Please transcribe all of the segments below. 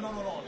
No, no, no.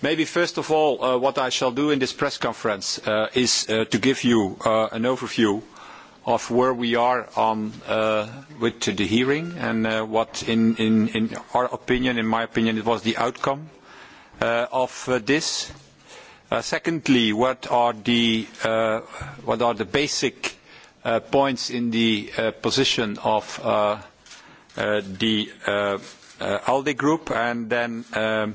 Maybe first of all, uh, what I shall do in this press conference uh, is uh, to give you uh, an overview of where we are on uh, with the hearing and uh, what, in, in, in our opinion, in my opinion, it was the outcome uh, of uh, this. Uh, secondly, what are the uh, what are the basic uh, points in the uh, position of uh, uh, the uh, uh, ALDE group, and then. Um,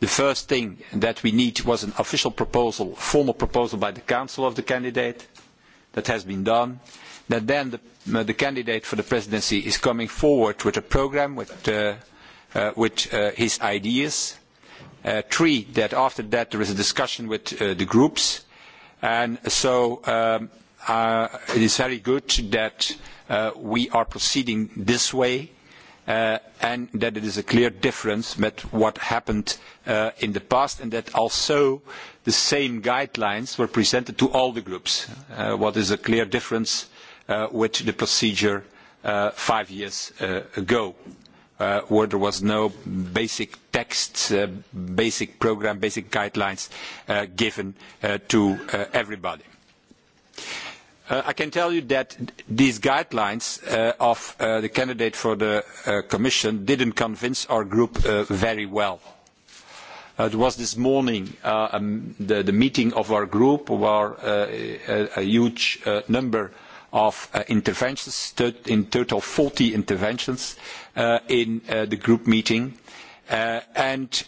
The first thing that we need was an official proposal, formal proposal by the Council of the candidate. That has been done. That then the, uh, the candidate for the presidency is coming forward with a program, with, uh, uh, with uh, his ideas. Uh, three, that after that there is a discussion with uh, the groups. And so um, uh, it is very good that uh, we are proceeding this way uh, and that it is a clear difference with what happened uh, in the past and that also the same guidelines were presented to all the groups, uh, what is a clear difference uh, with the procedure uh, five years uh, ago. Uh, where there was no basic text, uh, basic program, basic guidelines uh, given uh, to uh, everybody. Uh, Uh, I can tell you that these guidelines uh, of uh, the candidate for the uh, Commission didn't convince our group uh, very well. Uh, it was this morning um, the, the, meeting of our group where a, a, huge number of interventions, in total 40 interventions in the group meeting. and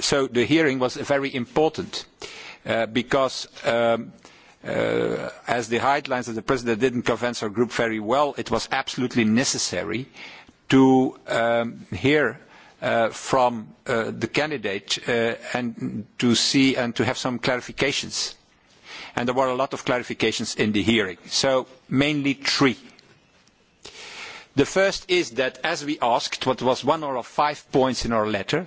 so the hearing was very important because um, Uh, as the guidelines of the president didn't convince our group very well, it was absolutely necessary to um, hear uh, from uh, the candidate uh, and to see and to have some clarifications. And there were a lot of clarifications in the hearing. So mainly three. The first is that as we asked, what was one or five points in our letter,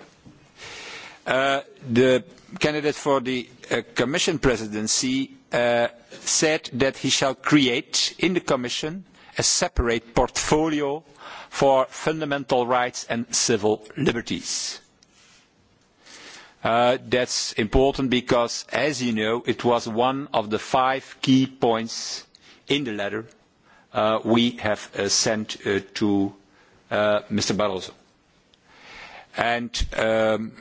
uh, the candidate for the uh, Commission presidency Uh, said that he shall create in the Commission a separate portfolio for fundamental rights and civil liberties. Uh, that's important because, as you know, it was one of the five key points in the letter uh, we have uh, sent uh, to uh, Mr. Barroso. And um,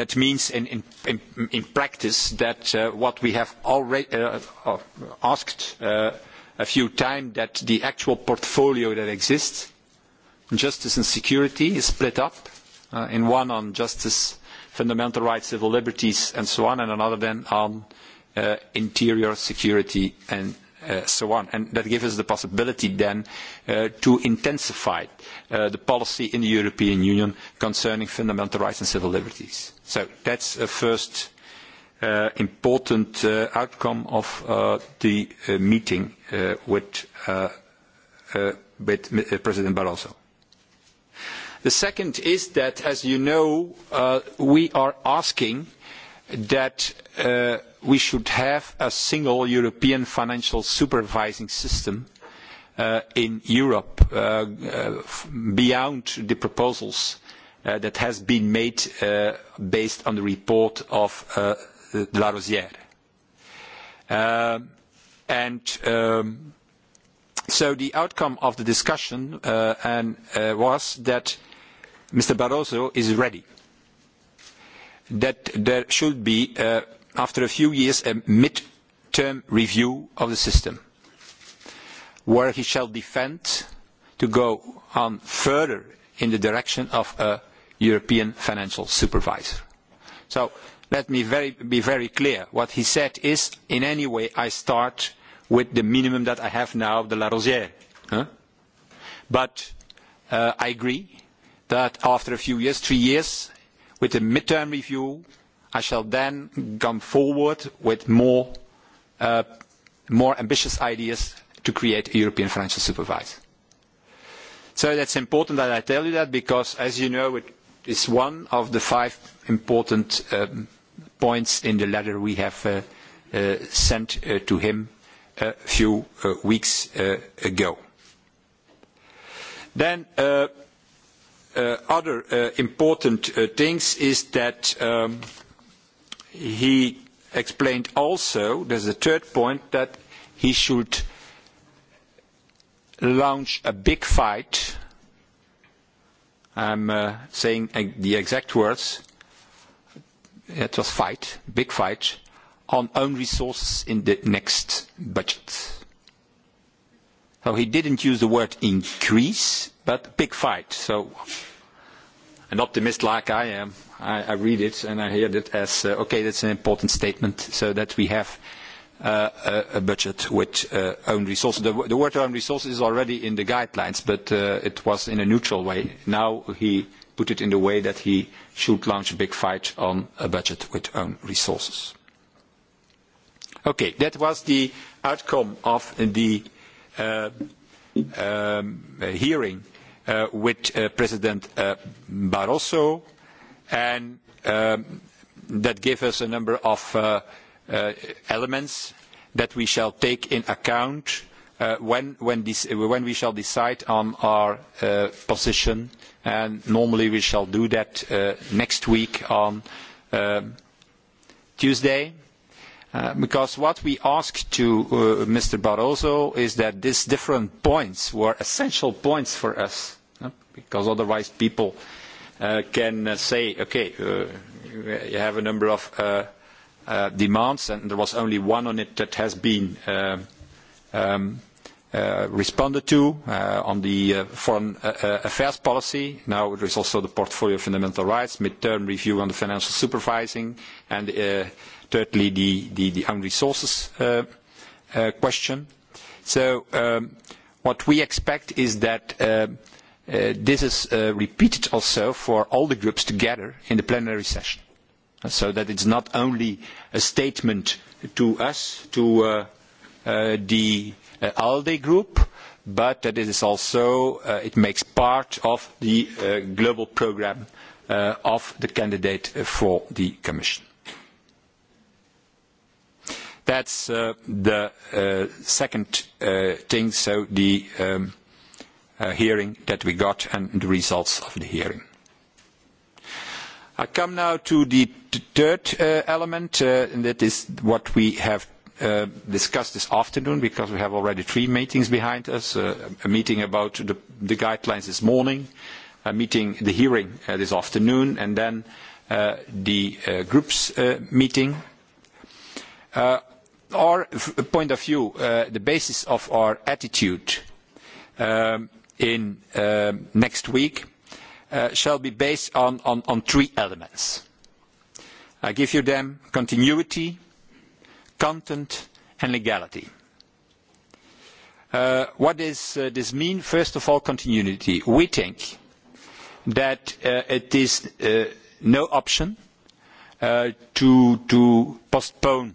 That means in, in, in, in practice that uh, what we have already uh, uh asked uh, a few times, that the actual portfolio that exists, justice and security, is split up uh, in one on justice, fundamental rights, civil liberties, and so on, and another then on uh, interior security and Uh, so on. And that gives us the possibility then uh, to intensify uh, the policy in the European Union concerning fundamental rights and civil liberties. So that's a first uh, important uh, outcome of uh, the uh, meeting uh, with, uh, uh, with uh, President Barroso. The second is that, as you know, uh, we are asking that uh, we should have a single European financial supervising system uh, in Europe uh, uh beyond the proposals uh, that has been made uh, based on the report of uh, La Rosière. and um, so the outcome of the discussion and, was that Mr. Barroso is ready that there should be, uh, after a few years, a mid-term review of the system, where he shall defend to go on further in the direction of a European financial supervisor. So let me be very clear. What he said is, in any way, I start with the minimum that I have now, the La But uh, I agree that after a few years, three years, with the midterm review, I shall then come forward with uh, more, ambitious ideas to create a European financial supervisor. So that's important that I tell you that because, as you know, it is one of the five important um, points in the letter we have uh, uh, sent to him a few weeks ago. Then. Uh, other uh, important uh, things is that um, he explained also, there's a third point, that he should launch a big fight. I'm uh, saying the exact words. It was fight, big fight, on own resources in the next budget. So he didn't use the word increase, but big fight. So an optimist like I am, I, I read it and I hear it as, uh, okay, that's an important statement so that we have uh, a, a budget with uh, own resources. The, the word own resources is already in the guidelines, but uh, it was in a neutral way. Now he put it in the way that he should launch a big fight on a budget with own resources. Okay, that was the outcome of the Uh, um, hearing uh, with uh, President Barroso, and um, that gave us a number of elements that we shall take in account Uh, when, when, this, when we shall decide on our uh, position, and normally we shall do that uh, next week on um, Tuesday. Uh, because what we ask to uh, Mr. Barroso is that these different points were essential points for us, uh, because otherwise people uh, can uh, say, okay, you have a number of demands, and there was only one on it that has been um, responded to on the foreign affairs policy. Now there is also the portfolio of fundamental rights, mid-term review on the financial supervising, and thirdly, the, the, the own resources uh, uh, question. So um, what we expect is that uh, uh, this is uh, repeated also for all the groups together in the plenary session, so that it's not only a statement to us, to uh, uh, the uh, ALDE group, but that it is also, uh, it makes part of the uh, global program uh, of the candidate for the Commission. That's uh, the uh, second uh, thing, so the um, uh, hearing that we got and the results of the hearing. I come now to the third uh, element, uh, and that is what we have uh, discussed this afternoon, because we have already three meetings behind us, uh, a meeting about the, the guidelines this morning, a meeting, the hearing uh, this afternoon, and then uh, the uh, groups uh, meeting. Uh, our point of view, uh, the basis of our attitude um, in uh, next week uh, shall be based on, on, on three elements. I give you them continuity, content and legality. Uh, what does uh, this mean? First of all, continuity. We think that uh, it is uh, no option uh, to, to postpone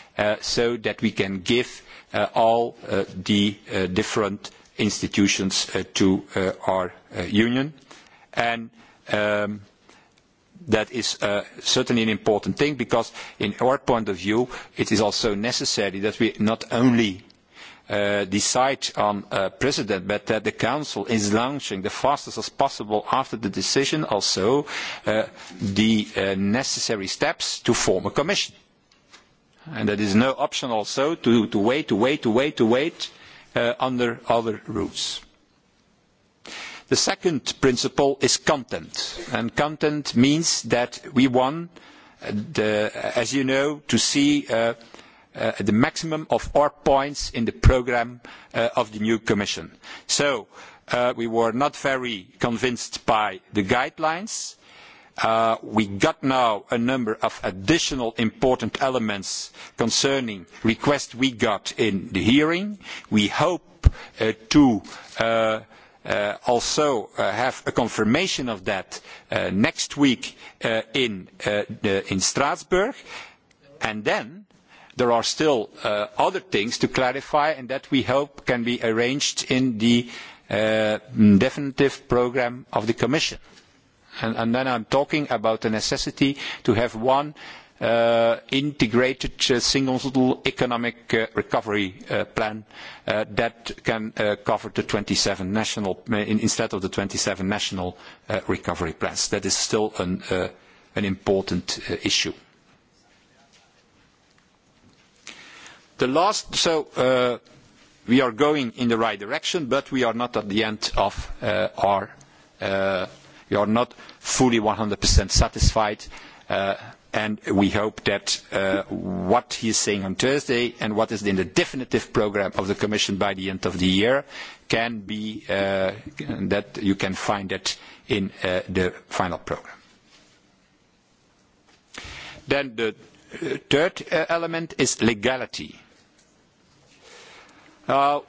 Uh, so that we can give uh, all uh, the different institutions to our union. And um, that is uh, certainly an important thing because in our point of view it is also necessary that we not only uh, decide on a uh, president but that the council is launching the fastest as possible after the decision also the necessary steps to form a commission and that is no option also to, to wait, to wait, to wait, to wait uh, under other rules. The second principle is content, and content means that we want, uh, the, as you know, to see uh, uh, the maximum of our points in the program uh, of the new Commission. So uh, we were not very convinced by the guidelines, Uh, we got now a number of additional important elements concerning requests we got in the hearing. We hope uh, to uh, Uh, also uh, have a confirmation of that uh, next week uh, in, uh, the, in Strasbourg. And then there are still other things to clarify and that we hope can be arranged in the definitive programme of the Commission. And, and then I'm talking about the necessity to have one Uh, integrated uh, single economic uh, recovery uh, plan uh, that can uh, cover the 27 national in, instead of the 27 national recovery plans. That is still an, an important issue. The last, so we are going in the right direction, but we are not at the end of our we are not fully 100% satisfied, uh, and we hope that uh, what he is saying on Thursday and what is in the definitive program of the Commission by the end of the year can be uh, that you can find that in uh, the final program. Then the uh, third uh, element is legality. uh,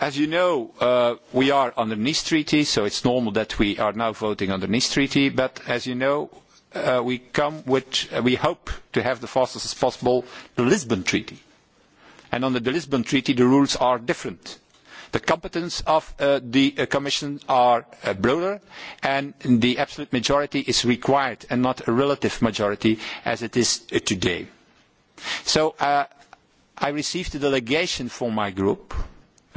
As you know, uh, we are under Nice Treaty, so it's normal that we are now voting on the Nice Treaty. But as you know, uh, we come with, uh, we hope to have the fastest as possible the Lisbon Treaty. And under the Lisbon Treaty, the rules are different. The competence of uh, the uh, Commission are uh, broader, and the absolute majority is required and not a relative majority as it is uh, today. So uh, I received a delegation from my group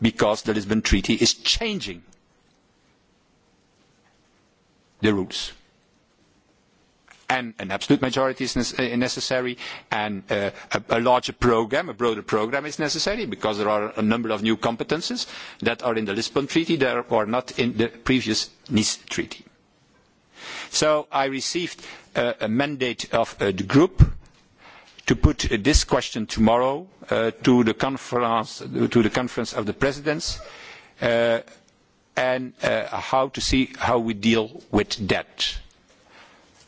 because the Lisbon Treaty is changing the rules. And an absolute majority is uh, necessary, and uh, a, a larger program, a broader program is necessary, because there are a number of new competences that are in the Lisbon Treaty that are not in the previous Nice Treaty. So I received uh, a mandate of uh, the group to put this question tomorrow uh, to, the conference, to the conference of the presidents uh, and uh, how to see how we deal with that.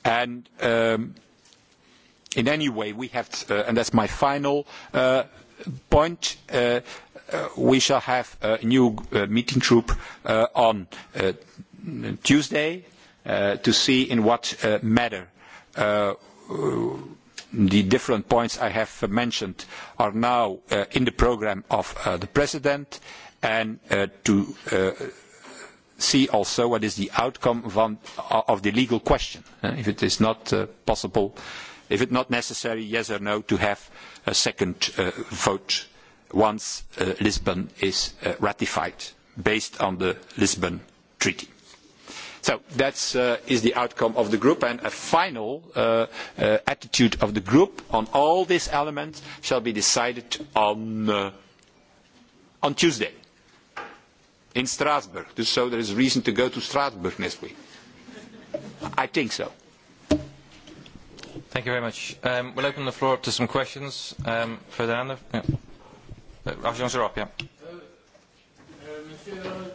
And um, in any way, we have, to, uh, and that's my final uh, point, uh, we shall have a new meeting group on Tuesday to see in what matter the different points I have mentioned are now uh, in the programme of uh, the President and uh, to uh, see also what is the outcome van, uh, of the legal question. Uh, if it is not uh, possible, if it's not necessary, yes or no, to have a second uh, vote once uh, Lisbon is uh, ratified based on the Lisbon Treaty. So that uh, is the outcome of the group, and a final uh, uh, attitude of the group on all these elements shall be decided on, Tuesday in Strasbourg. So there is reason to go to Strasbourg next week. I think so. Thank you very much. Um, we'll open the floor up to some questions. Um, further down there. Yeah. Uh, Arjun Sarop, yeah. Um, Monsieur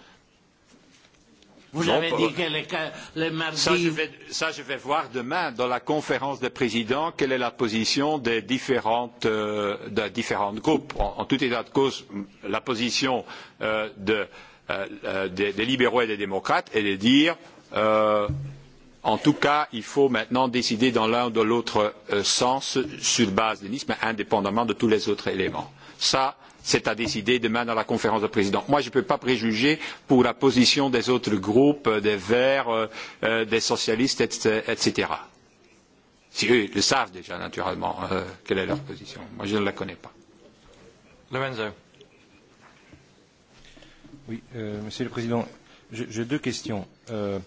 Vous non, avez dit euh, que les, les mardis... Ça je, vais, ça, je vais voir demain dans la conférence des présidents quelle est la position des différentes, euh, des différentes groupes. En, en tout état de cause, la position euh, de, euh, euh des, des libéraux et des démocrates est de dire euh, en tout cas, il faut maintenant décider dans l'un ou dans l'autre euh, sens sur base de Nice, mais indépendamment de tous les autres éléments. Ça, c'est à décider demain dans la conférence de présidents. Moi, je ne peux pas préjuger pour la position des autres groupes, euh, des Verts, euh, euh des socialistes, etc. Si eux le savent déjà, naturellement, euh, quelle est leur position. Moi, je ne la connais pas. Lorenzo. Oui, euh, Monsieur le Président, j'ai deux questions. Euh,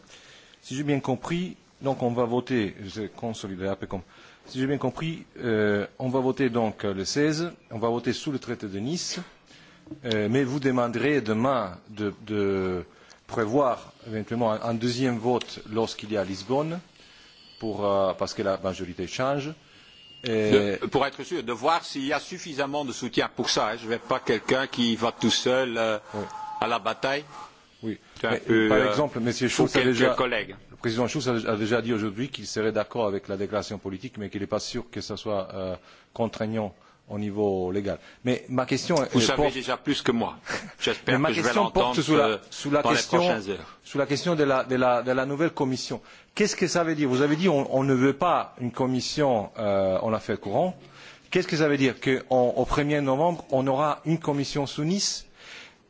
si j'ai bien compris, donc on va voter, je consolide un peu comme. Euh, Si j'ai bien compris, euh, on va voter donc le 16, on va voter sous le traité de Nice, euh, mais vous demanderez demain de, de prévoir éventuellement un, un deuxième vote lorsqu'il y a Lisbonne, pour, euh, parce que la majorité change. Et... De, pour être sûr, de voir s'il y a suffisamment de soutien pour ça. Hein. Je ne vais pas quelqu'un qui va tout seul euh, oui. à la bataille. Oui. Mais, peu, par euh, exemple, M. Schulz a déjà, le président Schulz a déjà dit aujourd'hui qu'il serait d'accord avec la déclaration politique, mais qu'il n'est pas sûr que ce soit euh, contraignant au niveau légal. Mais ma question Vous savez porte... déjà plus que moi. J'espère que je vais l'entendre sous la, euh, sous la dans question, les prochaines heures. Sous la question de la, de la, de la nouvelle commission. Qu'est-ce que ça veut dire Vous avez dit on, on ne veut pas une commission euh, en affaires courantes. Qu'est-ce que ça veut dire Qu'au 1er novembre, on aura une commission sous Nice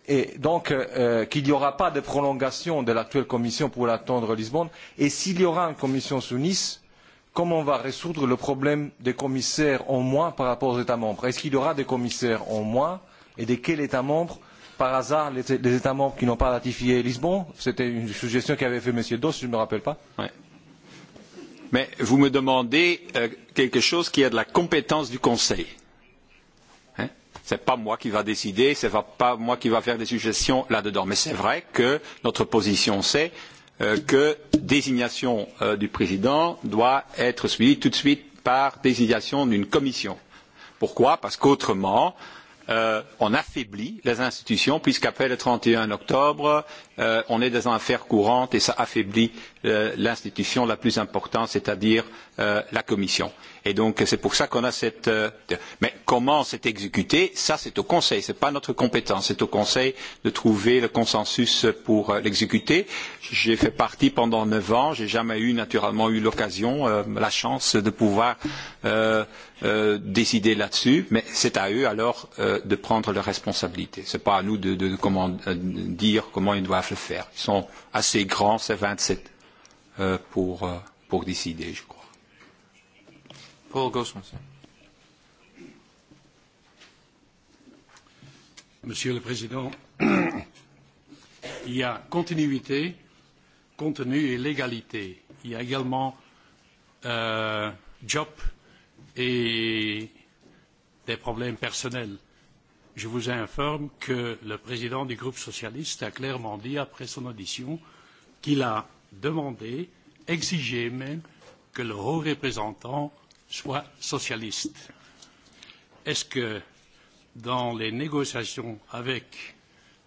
et donc euh, qu'il n'y aura pas de prolongation de l'actuelle commission pour attendre Lisbonne et s'il y aura une commission sous Nice, comment on va résoudre le problème des commissaires en moins par rapport aux États membres Est-ce qu'il y aura des commissaires en moins et de quel État membre Par hasard, les, les États membres qui n'ont pas ratifié Lisbonne C'était une suggestion qu'avait fait M. si je ne me rappelle pas. Ouais. Mais vous me demandez euh, quelque chose qui est de la compétence du Conseil Ce n'est pas moi qui va décider, ce n'est pas moi qui va faire des suggestions là-dedans. Mais c'est vrai que notre position, c'est euh, que désignation euh, du président doit être suivie tout de suite par désignation d'une commission. Pourquoi Parce qu'autrement, euh, on affaiblit les institutions, puisqu'après le 31 octobre, euh, on est dans une affaire courante et ça affaiblit euh, l'institution la plus importante, c'est-à-dire euh, la Commission. Et donc c'est pour ça qu'on a cette. Euh, mais comment c'est exécuté Ça c'est au Conseil, c'est pas notre compétence. C'est au Conseil de trouver le consensus pour euh, l'exécuter. J'ai fait partie pendant neuf ans. J'ai jamais eu naturellement eu l'occasion, euh, la chance de pouvoir euh, euh, décider là-dessus. Mais c'est à eux alors euh, de prendre leurs responsabilités. C'est pas à nous de, de, de comment euh, dire comment ils doivent le faire. Ils sont assez grands, c'est 27 euh, pour euh, pour décider, je crois. Paul Gosmanson. Monsieur le Président, il y a continuité, contenu et légalité. Il y a également euh, job et des problèmes personnels. Je vous informe que le président du groupe socialiste a clairement dit après son audition qu'il a demandé, exigé même, que le haut représentant soit socialiste. Est-ce que dans les négociations avec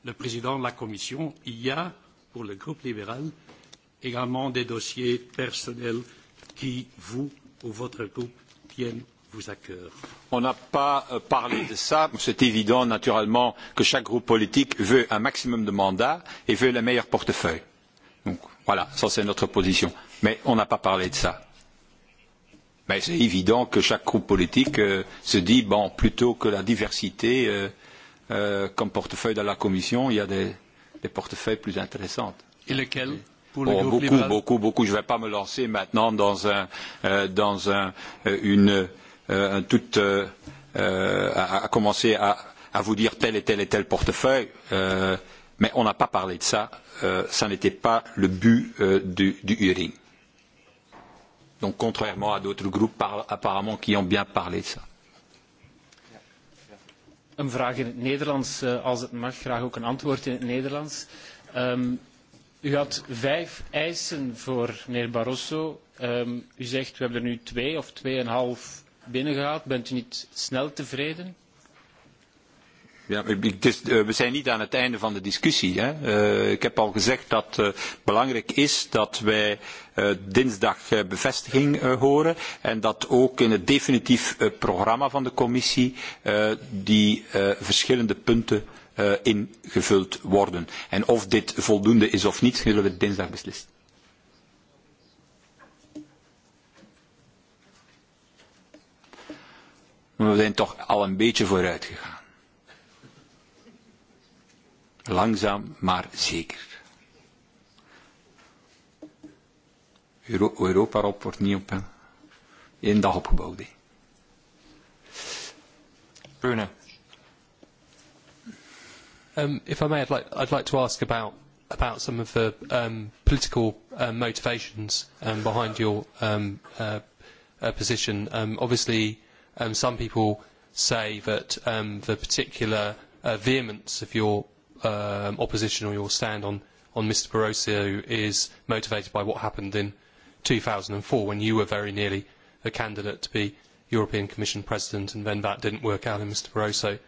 le président de la Commission, il y a, pour le groupe libéral, également des dossiers personnels qui, vous ou votre groupe, tiennent vous à cœur On n'a pas euh, parlé de ça. C'est évident, naturellement, que chaque groupe politique veut un maximum de mandats et veut le meilleur portefeuille. Donc voilà, ça c'est notre position. Mais on n'a pas parlé de ça. Mais c'est évident que chaque groupe politique euh, se dit bon, plutôt que la diversité euh, euh, comme portefeuille dans la Commission, il y a des, des portefeuilles plus intéressantes. Et lesquels pour le oh, groupe beaucoup, libéral beaucoup, beaucoup. Je ne vais pas me lancer maintenant dans un, euh, dans un, euh, une, euh, un tout, euh, euh, à, à commencer à, à vous dire tel et tel et tel portefeuille. Euh, mais on n'a pas parlé de ça. Euh, ça n'était pas le but euh, du, du hearing. Donc contrairement à d'autres groupes par, apparemment qui ont bien parlé de ça. Een vraag in het Nederlands, eh, als het mag, graag ook een antwoord in het Nederlands. Um, u had vijf eisen voor meneer Barroso. Um, u zegt, we hebben er nu twee of tweeënhalf binnengehaald. Bent u niet snel tevreden? Ja, ik, dus, eh, we zijn niet aan het einde van de discussie. Hè. Uh, ik heb al gezegd dat het uh, belangrijk is dat wij uh, dinsdag uh, bevestiging uh, horen en dat ook in het definitief uh, programma van de commissie uh, die uh, verschillende punten uh, ingevuld worden. En of dit voldoende is of niet, zullen we dinsdag beslissen. Maar we zijn toch al een beetje vooruit gegaan langzaam maar zeker. europa op wordt niet op één dag opgebouwd. Bruno. Um, if I may, I'd like, I'd like to ask about about some of the um, political um, motivations um, behind your um, uh, uh, position. Um, obviously, um, some people say that um, the particular uh, vehemence of your um, opposition or your stand on, on Mr Barroso is motivated by what happened in 2004 when you were very nearly a candidate to be European Commission President and then that didn't work out and Mr Barroso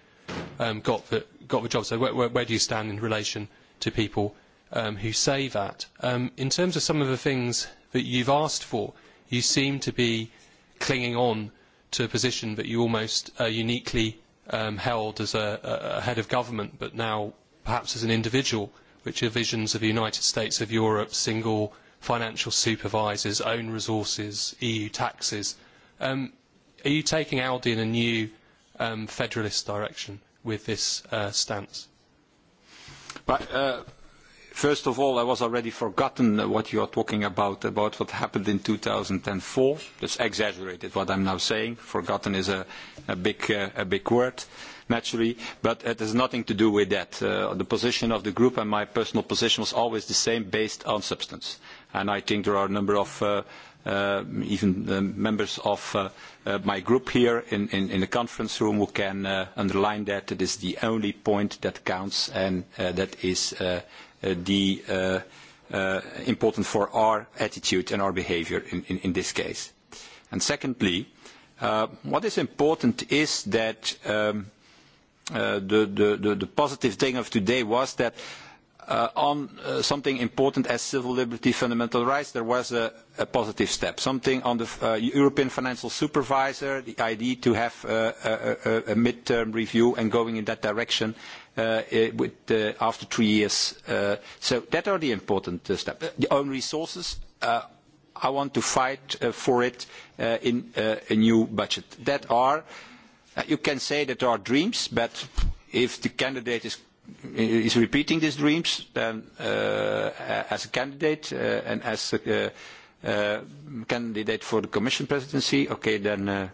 um, got, the, got the job. So where, where, where do you stand in relation to people um, who say that? Um, in terms of some of the things that you've asked for, you seem to be clinging on to a position that you almost uh, uniquely um, held as a, a head of government but now perhaps as an individual, which are visions of the United States of Europe, single financial supervisors, own resources, EU taxes. Um, are you taking Aldi in a new um, federalist direction with this uh, stance? But, uh, first of all, I was already forgotten what you are talking about, about what happened in 2004. That's exaggerated what I'm now saying. Forgotten is a, a, big, uh, a big word naturally, but it has nothing to do with that. Uh, the position of the group and my personal position was always the same based on substance. And I think there are a number of uh, uh, even uh, members of uh, uh, my group here in, in, in the conference room who can uh, underline that it is the only point that counts and uh, that is uh, uh, the uh, uh, important for our attitude and our behavior in, in, in this case. And secondly, uh, what is important is that um, Uh, the, positive thing of today was that uh, on uh, something important as civil liberty, fundamental rights, there was a, positive step. Something on the European Financial Supervisor, the idea to have a, a, mid-term review and going in that direction after three years. so that are the important steps. The own resources, I want to fight for it in a new budget. That are you can say that there are dreams, but if the candidate is is repeating these dreams, then uh, as a candidate uh, and as a uh, uh candidate for the Commission presidency, okay, then uh,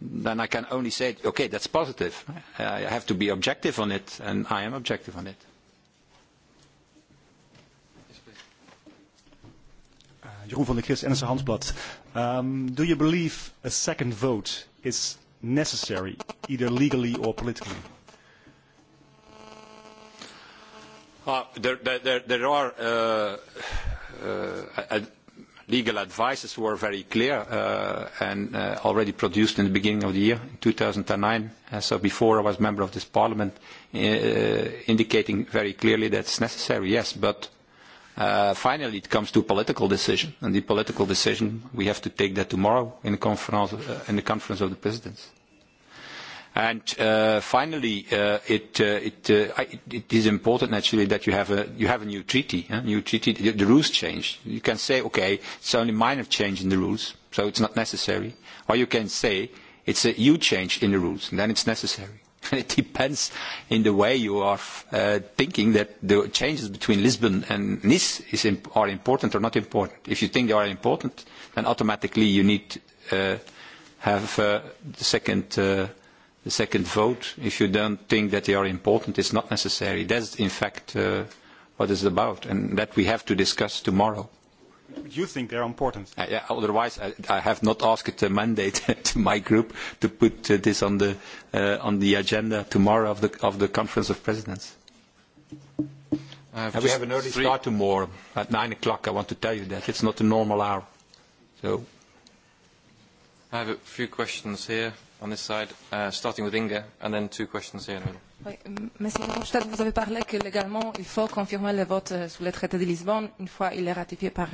then I can only say, okay, that's positive. I have to be objective on it, and I am objective on it. Uh, Jeroen van der Kris, NSA Handelsblad. Um, do you believe a second vote is necessary, either legally or politically? Uh, there, there, there are uh, uh, ad legal advices were very clear uh, and uh, already produced in the beginning of the year, in 2009. Uh, so before I was member of this parliament, uh, indicating very clearly that it's necessary, yes, but uh, finally it comes to a political decision. And the political decision, we have to take that tomorrow in the conference, uh, in the conference of the presidents. Uh, finally, uh, uh, it, is important naturally that you have a new treaty. Huh? New treaty. The, rules change. You can say, okay, it's only minor change in the rules, so it's not necessary. Or you can say it's a huge change in the rules, and then it's necessary. it depends in the way you are thinking that the changes between Lisbon and Nice are important or not important. If you think they are important, then automatically you need have the second the second vote, if you don't think that they are important, is not necessary. That's in fact uh, what it's about, and that we have to discuss tomorrow. But you think they're important? Uh, yeah, otherwise, I, I have not asked a mandate to my group to put uh, this on the uh, on the agenda tomorrow of the of the conference of presidents. Have uh, we have an early three... start tomorrow at nine o'clock. I want to tell you that it's not a normal hour, so I have a few questions here on this side, uh, starting with Inga, and then two questions here in the middle. Oui, Monsieur Verhofstadt, vous avez parlé que légalement, il faut confirmer le vote euh, sous le traité de Lisbonne une fois il est ratifié par,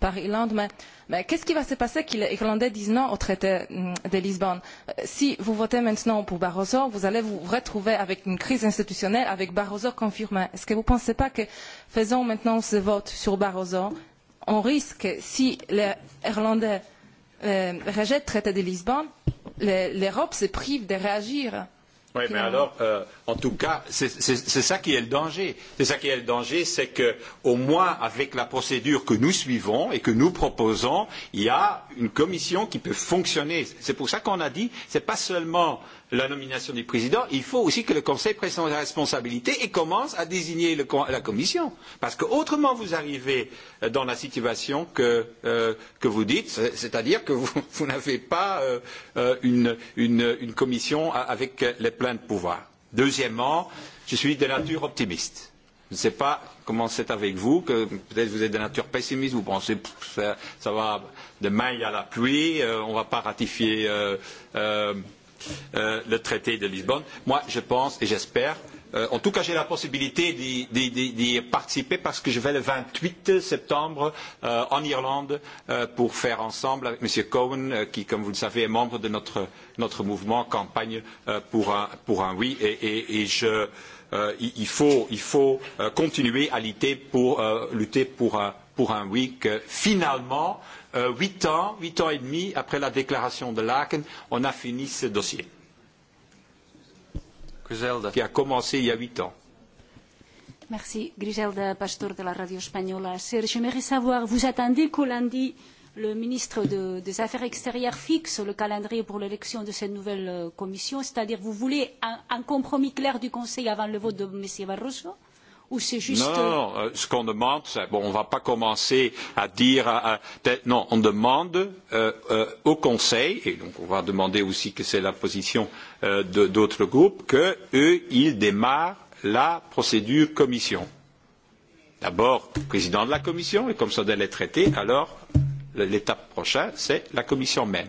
par Irlande. Mais, mais qu'est-ce qui va se passer que les Irlandais disent non au traité mm, de Lisbonne euh, Si vous votez maintenant pour Barroso, vous allez vous retrouver avec une crise institutionnelle, avec Barroso confirmé. Est-ce que vous ne pensez pas que faisons maintenant ce vote sur Barroso, on risque, si les Irlandais euh, rejette le traité de Lisbonne, l'Europe se prive de réagir. Oui, mais alors, euh, en tout cas, c'est ça qui est le danger. C'est ça qui est le danger, c'est que, au moins, avec la procédure que nous suivons et que nous proposons, il y a une commission qui peut fonctionner. C'est pour ça qu'on a dit, c'est pas seulement euh, la nomination du président, il faut aussi que le Conseil prenne ses responsabilités et commence à désigner le, la Commission. Parce qu'autrement, vous arrivez euh, dans la situation que, euh, que vous dites, c'est-à-dire que vous, vous n'avez pas euh, euh, une, une, une Commission avec les pleins de pouvoir. Deuxièmement, je suis de nature optimiste. Je ne sais pas comment c'est avec vous, que peut-être vous êtes de nature pessimiste, vous pensez que ça, ça va demain il y a la pluie, euh, on ne va pas ratifier euh, euh, Euh, le traité de Lisbonne. Moi, je pense et j'espère. Euh, en tout cas, j'ai la possibilité d'y participer parce que je vais le 28 septembre euh, en Irlande euh, pour faire ensemble avec M. Cohen, euh, qui, comme vous le savez, est membre de notre, notre mouvement campagne euh, pour, un, pour un oui. Et, et, et je, euh, il faut, il faut euh, continuer à lutter pour, euh, lutter pour, un, pour un oui que finalement euh, euh, 8 ans, 8 ans et demi après la déclaration de Laken, on a fini ce dossier. Griselda. Qui a commencé il y a 8 ans. Merci. Griselda Pastor de la Radio Espagnole. Serge, j'aimerais savoir, vous attendez que lundi, le ministre de, des Affaires extérieures fixe le calendrier pour l'élection de cette nouvelle euh, commission C'est-à-dire, vous voulez un, un compromis clair du Conseil avant le vote de M. Barroso ou c'est juste... Non, non, non. Euh, ce qu'on demande, c'est, bon, on ne va pas commencer à dire... À, à, non, on demande euh, euh, au Conseil, et donc on va demander aussi que c'est la position euh, d'autres groupes, qu'eux, ils démarrent la procédure Commission. D'abord, président de la Commission, et comme ça doit l'être traité, alors l'étape prochaine, c'est la Commission même.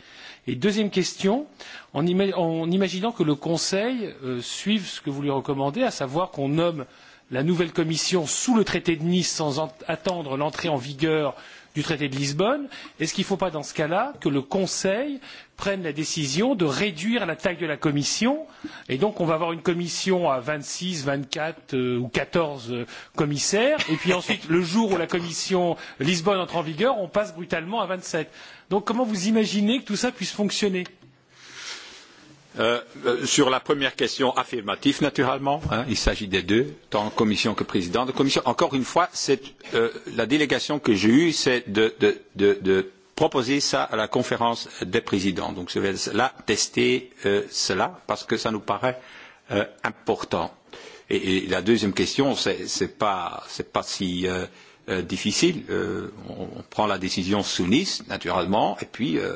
Et deuxième question, en, ima en imaginant que le Conseil euh, suive ce que vous lui recommandez, à savoir qu'on nomme la nouvelle Commission sous le traité de Nice sans attendre l'entrée en vigueur du traité de Lisbonne, est-ce qu'il ne faut pas dans ce cas-là que le Conseil prenne la décision de réduire la taille de la Commission et donc on va avoir une Commission à 26, 24 euh, ou 14 euh, commissaires et puis ensuite le jour où la Commission Lisbonne entre en vigueur, on passe brutalement à 27. Donc comment vous imaginez que tout ça puisse fonctionner Euh, sur la première question, affirmatif naturellement. Hein, il s'agit des deux, tant en commission que président de commission. Encore une fois, euh, la délégation que j'ai eue, c'est de, de, de, de proposer ça à la conférence des présidents. Donc je vais là tester euh, cela parce que ça nous paraît euh, important. Et, et la deuxième question, ce n'est pas, c'est pas si euh, euh, difficile. Euh, on, on prend la décision sous Nice, naturellement, et puis. Euh,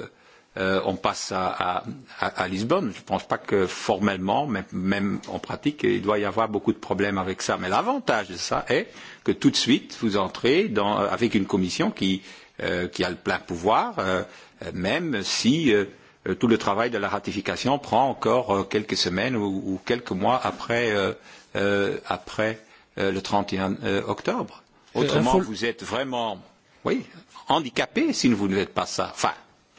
euh, on passe à, à, à Lisbonne. Je ne pense pas que formellement, mais même en pratique, il doit y avoir beaucoup de problèmes avec ça. Mais l'avantage de ça est que tout de suite, vous entrez dans, avec une commission qui, euh, qui a le plein pouvoir, euh, même si euh, tout le travail de la ratification prend encore euh, quelques semaines ou, ou quelques mois après, euh, euh, après euh, le 31 euh, octobre. Euh, Autrement, vous êtes vraiment oui, handicapé si vous ne faites pas ça. Enfin,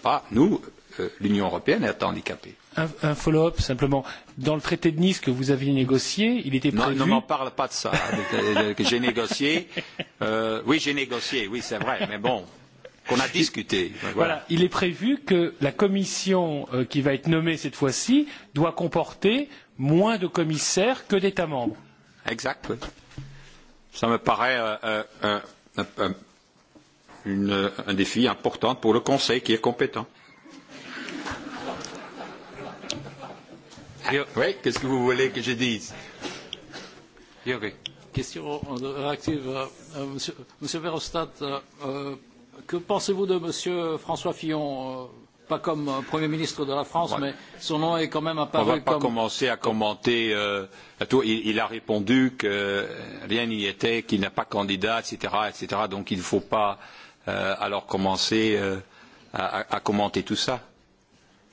pas, nous, euh, l'Union européenne, être handicapée. Un, un follow-up simplement. Dans le traité de Nice que vous aviez négocié, il était prévu. Non, ne m'en parle pas de ça. que j'ai négocié. Euh, oui, j'ai négocié. Oui, c'est vrai. Mais bon, qu'on a discuté. Voilà. voilà. Il est prévu que la commission euh, qui va être nommée cette fois-ci doit comporter moins de commissaires que d'États membres. Exact. Oui. Ça me paraît euh, euh, euh un, un, une, un défi important pour le Conseil qui est compétent. Oui, qu'est-ce que vous voulez que je dise Jürgen. Question euh, réactive. Euh, euh, monsieur, Monsieur Verhofstadt, euh, que pensez-vous de Monsieur François Fillon Pas comme Premier ministre de la France, ouais. mais son nom est quand même apparu comme... On ne va pas comme... commencer à commenter. Euh, à tout. Il, il a répondu que rien n'y était, qu'il n'a pas candidat, etc., etc. Donc il ne faut pas... Euh, euh, alors commencer euh, à, à commenter tout ça.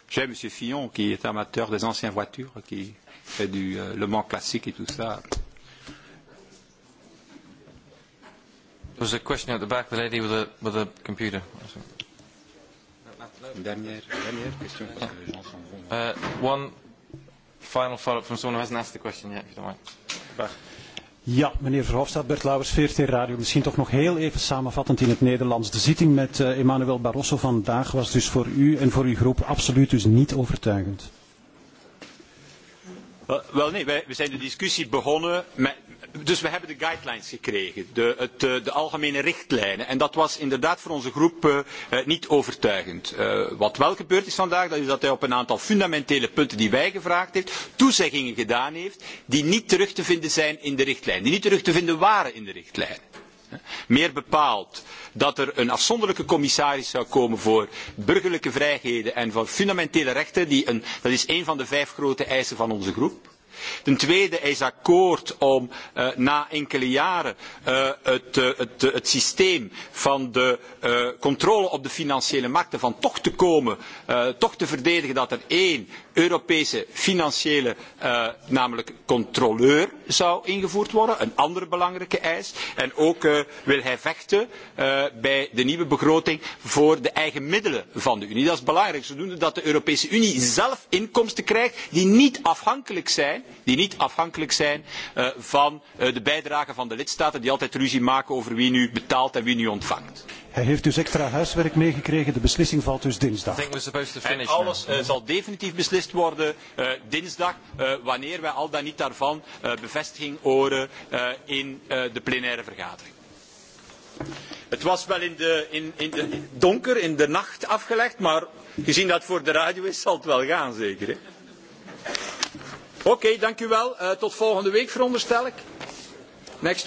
J'ai M. Fillon qui est amateur des anciennes voitures, qui fait du euh, Le Mans classique et tout ça. There was a question at the back, the lady with a, with a computer. Uh, one final follow-up from someone who hasn't asked the question yet, if you don't mind. Ja, meneer Verhofstadt, Bert Lauwers, VRT Radio. Misschien toch nog heel even samenvattend in het Nederlands. De zitting met uh, Emmanuel Barroso vandaag was dus voor u en voor uw groep absoluut dus niet overtuigend. Wel, wel nee, wij, we zijn de discussie begonnen met, dus we hebben de guidelines gekregen, de, het, eh, de algemene richtlijnen. En dat was inderdaad voor onze groep uh, niet overtuigend. Uh, wat wel gebeurd is vandaag, dat is dat hij op een aantal fundamentele punten die wij gevraagd heeft, toezeggingen gedaan heeft die niet terug te vinden zijn in de richtlijn, die niet terug te vinden waren in de richtlijn. Meer bepaald dat er een afzonderlijke commissaris zou komen voor burgerlijke vrijheden en voor fundamentele rechten, die een, dat is een van de vijf grote eisen van onze groep Ten tweede is akkoord om uh, na enkele jaren uh, het, uh, het, uh, het systeem van de uh, controle op de financiële markten van toch te komen, uh, toch te verdedigen dat er één Europese financiële, uh, namelijk controleur, zou ingevoerd worden. Een andere belangrijke eis. En ook uh, wil hij vechten uh, bij de nieuwe begroting voor de eigen middelen van de Unie. Dat is belangrijk, zodoende dat de Europese Unie zelf inkomsten krijgt die niet afhankelijk zijn die niet afhankelijk zijn uh, van uh, de bijdrage van de lidstaten die altijd ruzie maken over wie nu betaalt en wie nu ontvangt. Hij heeft dus extra huiswerk meegekregen. De beslissing valt dus dinsdag. En alles uh, zal definitief beslist worden uh, dinsdag, uh, wanneer wij al dan niet daarvan uh, bevestiging horen uh, in uh, de plenaire vergadering. Het was wel in de, in, in de donker, in de nacht afgelegd, maar gezien dat het voor de radio is, zal het wel gaan zeker. Hè? Oké, dank u wel. Eh, tot volgende week veronderstel ik.